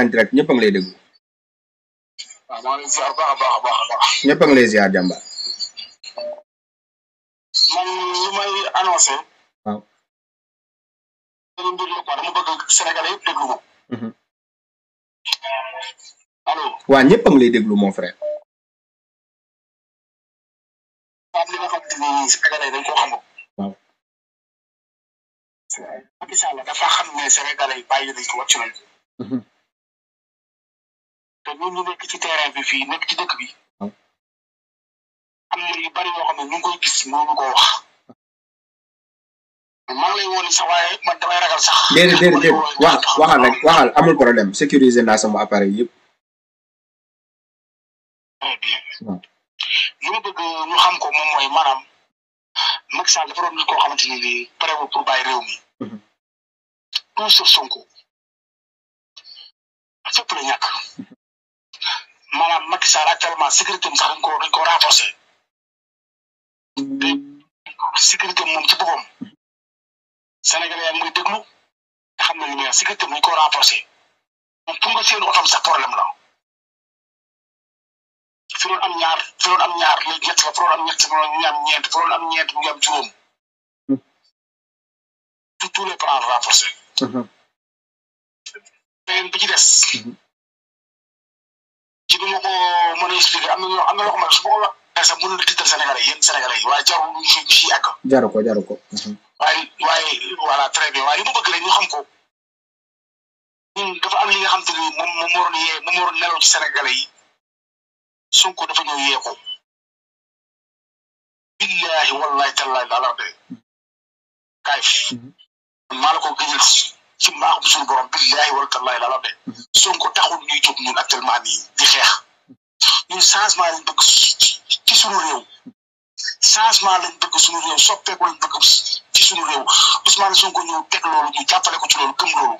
ngi en direct déglu. waaw ah, maa ngi lay ziar baax a baax a baax a baax. ñëpp la quoi dama bëgg Sénégalais yëpp déglu ma. Mhm. allo. waaw ñëpp a ngi déglu mon frère. waaw te ñun ñu ci terrain bi fii nekk ci dëkk bi ah. am na yu bari yoo xam ne ñu ngi koy gis mënuñu ko wax maa ngi lay woo sax waaye man damay ragal sax. amul problème sécuriser naa sama appareil yëpp. très bien. Ah. li ma bëgg ñu xam ko moom mooy maanaam koo xamante ne nii pare pour bàyyi réew mi. Mhm. tout sauf Sonko fépp la malam Macky Sall actuellement ma am sax dañ ko dañ ko renforcer sécurité moom ci boppam Sénégalais yaa ngi muy déglu nga xam ne li muy wax sécurité am dañ ko renforcer moom pour nga seen otom sax problème la fi doon am ñaar fi doon am ñaar léegi ñett la fi doon am ñett fi am fi doon am ñeent mu ngi am juróom tout tous les plans renforcés ci du ma ko mën a expliquer am na ñoo am na loo xamante su ma ko waxee sax mënul tiital Sénégalais yéen Sénégalais yi waaye jarul ñu si si àgg. jaru ko jaru ko. Mhm. waaye waaye voilà très bien waaye li ma bëgg ñu xam dafa am li nga xam te ne moom moom moo ko. billahi wallahi tallahi laa de mhm. kaay mhm. maa la ko borom billahi wallahi tallahi laa de Sonko taxul ñuy actuellement nii. xeex changement lañ bëgg ci suñu changement lañ bëgg suñu réew soppeeku lañ bëgg ci suñu réew Ousmane Sonko ñëw teg loolu ñu ci loolu gëm loolu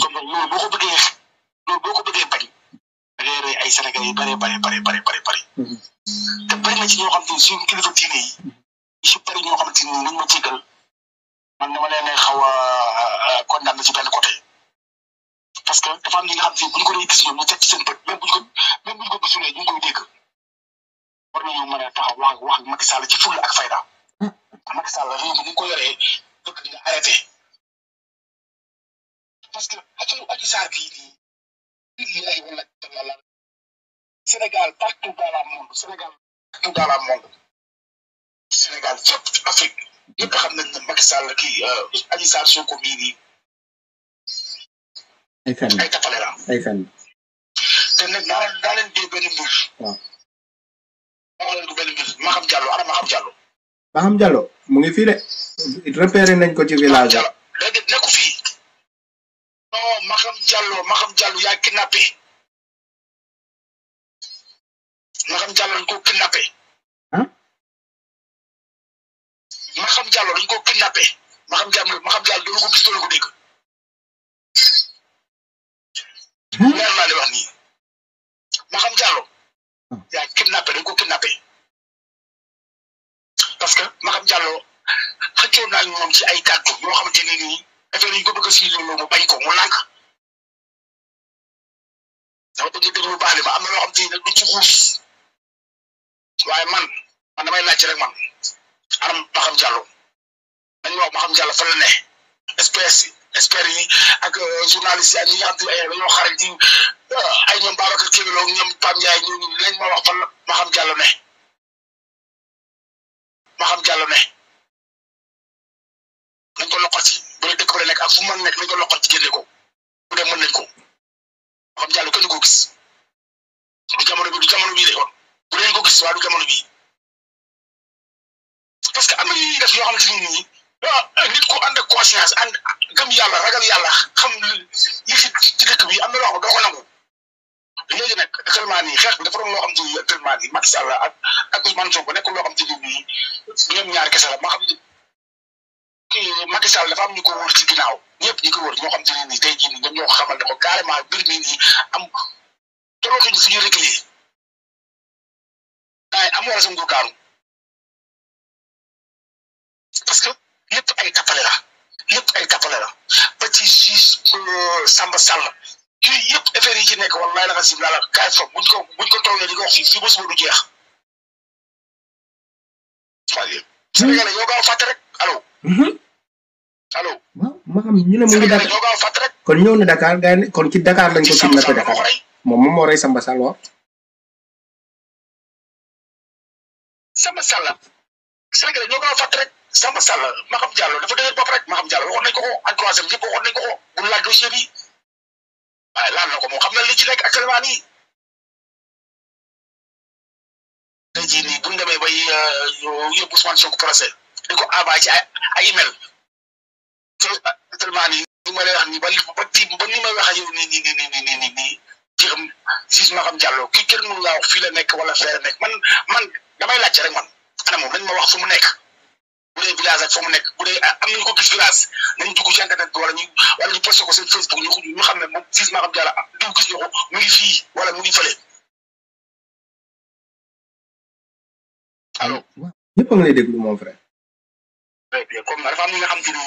comme loolu boo ko bëggee loolu boo ko bëggee bañ da ngay ay Sénégal yu bare bare bare bare bare bare te bëri na ci ñoo xam te suñu kilifa diine yi ñu si bëri ñoo xam ni ni nañ ma jégal man dama leen xaw a condamné ci benn côté parce que dafa am ñi nga xam fii bu ñu ko doon gis ñoom ñu teg seen bët même bu ñu ko même bu a taxaw wax wax ak mm. Macky mi ni ko yoree parce que affaire Adji Sarr bii nii billahi Sénégal partout dans le monde Sénégal partout dans ay fenn ay tapale la ay fenn. te nag daa daa leen dee benn mbir. waaw. moo leen du benn mbir Maham Diallo ana Maham Diallo. Maham Diallo mu ngi fii de. repéré nañ ko ci village am. léegi nekku fii. non Maham Diallo Maham Diallo yaa kidnappé. Maham dañ ko kidnappé. ah. Maham Diallo dañ ko kidnappé. Maham Diallo leer naa li wax nii ma xam jàllo yaa kidnappé dañ ko kidnappé parce que ma xam jàllo xëccoo naa moom ci ay kàddu yoo xamante ne nii affaire yi ko bëgg a si loolu mu bañ ko mu lànk dama bëgg déglu baale ma am na loo xam te ne duñ ci xuus waaye man man damay laajte rek man anam ma xam jàllo nañ wax ma xam jàllo fa la ne espèce experts yi ak euh, journalistes yi ak ñi nga xam te ne ay dañoo xarañ ci euh, ay ñoom Babacar Kébé Lo ñoom Pam Ndiaye ñooñu lañ ma wax fan la ma xam jàll ne ma xam jàll ne nañ ko loqati bu dee dëkk ba la nekk ak fu mu mën nekk nañ ko loqati génne ko bu dee mën nañ ko ma xam jàll kenn ko gis du jamono bi du jamono bii lay bu dee ko gis waaye du jamono bii parce que am na ñuy def yoo xamante ni ah, nit ku ànd conscience ànd yàlla ragal yàlla xam yi fi ci dëkk bi am na loo xam doo ko nangu léegi nag actuellement nii xeex bi dafa doon loo xam te ni actuellement nii Macky Sall ak ak Ousmane Sonko nekkul loo ñaar kese la ma xam ne Macky Sall dafa am ñu ko wër ci ginnaaw ñëpp ñu ko ñoo xam te ne nii tey jii ñoom ñoo ko xamal ne ko carrément mbir mi nii am tolootuñu fu ñu réglé waaye am war a sam ka kaaru parce que lépp ay tappale yëpp ay tappale la ba ci juge Samba Sall yooyu yëpp affaire yi ci nekk wallaay la nga sim la kaay foog buñ ko buñ ko toogee di ko wax fii fii ba suba du jeex waaye Sénégalais yow gaaw fàtte rek allo mhm. allo ma xam ñu ne mu ngi Dakar yow gaaw fàtte rek kon ñëw na Dakar gaa ne kon ci Dakar lañ ko kidnappé Dakar moom moom moo rey Samba Sall waaw Samba Sall Sénégalais ñoo gaaw fàtte rek Samba Sall Maham Diallo dafa dëgër bopp rek Maham Diallo waxoon nañ ko ko encouragé bi yëpp waxoon nañ ko ko bu laaj dossier bi moom xam na li ci nekk actuellement nii. tey jii bu ñu demee bay euh, yóbbu Ousmane Sonko procès di ko a ci a ay email nii ni ma lay wax nii ba ba tiim ba ni ma wax ak yow nii nii nii nii nii nii nii ci xam gis kii kenn mënu laa wax fii nekk wala fee nek man man damay laajte rek man ana moom lañ ma wax fu mu nekk. bu dee a ak fa mu nekk bu dee ah, am nañu ko gis village nañ dugg ci internet bi wala ñu wala ñu posté ko seen Facebook ñu ñu xam ne moom Ciss Makham Diallo ah diw gis nga wala mu ngi fële. allo. ñëpp a ngi comme dafa am ñi nga xam te ni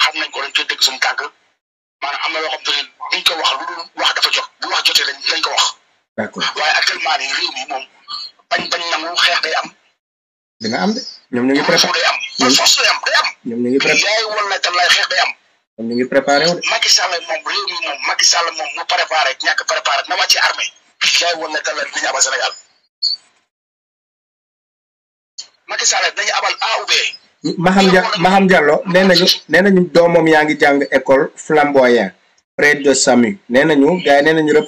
xam nañ ko dañ koy dégg suñu tànk maanaam am na loo xam te ne wax lu wax dafa jot bu wax jotee dañ ko wax. d'accord waaye actuellement nii réew mi bañ bañ nangu xeex day am. da nga am de ñoom ñu ngi préparé am force lay am day am ñoom ñu ngi préparé yaay wala tan lay xex day am ñoom ñu ngi préparé wu Macky Sall mom réew mi mom Macky Sall mom Sénégal Macky Sall dañu abal Maham Maham Diallo nenañu nenañu domom yaangi jang école flamboyant près de Samu nenañu gaay nenañu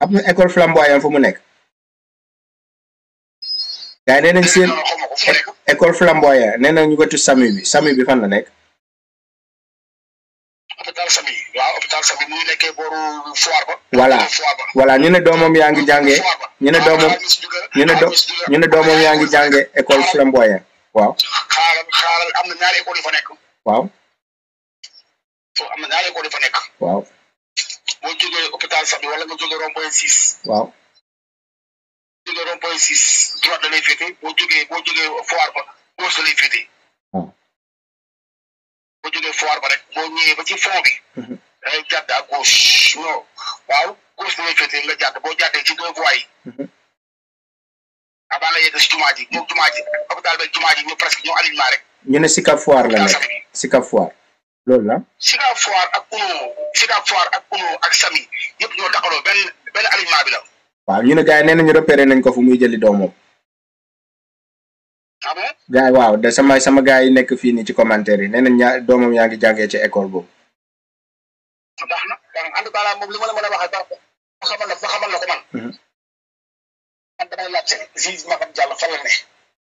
am na école flamboyant fu mu nekk gars yi nee nañ seen école flamboyant nee nañ ñu wetu SAMU bi SAMU bi fan la nekk. hôpital SAMU waaw hôpital SAMU mu ngi nekkee booru foire ba. voilà yaa ngi jàngee ñu ne ah, boo jógee hôpital sax bi wala nga jógee rond point six. waaw. boo jógee rond point six droite da lay féete boo jógee ba rek boo ñëwee ba ci bi. Mhm. da ngay jàdd mhm. si jumaa ji ñoom jumaa ji hôpital beeg jumaa la nekk loolu la. Sika Foire ak Uno Sika Foire ak Uno ak Sami yëpp ñoo taxaloo benn benn alignement la. waaw ñu ne gars yi nee nañu nañ ko fu muy jëli doomam. ah bon. waaw de sama sama gars yi nekk fii nii ci commentaire yi nee nañ ñaa doomam yaa ngi jàngee ci école boobu. Ah, baax na en tout cas moom li ma la mën a waxee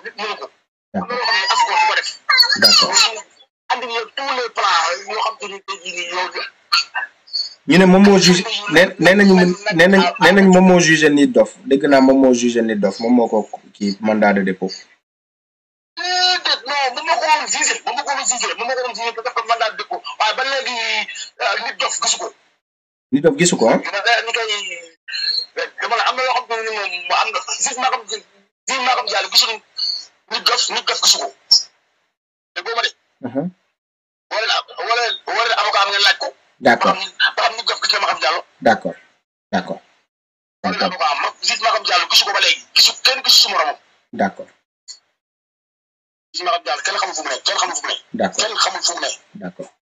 nit mënu ko. am na loo xam ne as ko ko def. d' accord andi na tous les plans yoo xam te ni tey jii ne moom moo jugé nee nee nañu nee nañu nee nañu moom moo jugé nit dof dégg naa moom moo jugé nit dof moom ko kii mandat de dépôt. déedéet non bu ma ko woon jugé bu ma ko woon jugé bu ma ko woon ko mandat de dépôt waaye ba léegi euh, nit dof gisu ko. nit dof gisu ah? am na loo biir Maagam Diallo gisuñu nit dof nit dof gisu ko dégg nga ma de. wala wala wala avocat am ngeen laaj ko. d'accord ba xam nit dof gis na Maagam Diallo. d'accord d'accord. wala avocat am ma gis Maagam Diallo gisu ko ba léegi gisu kenn gisu su moromam. d'accord. gis Maagam kenn xamul fu mu ne kenn xamul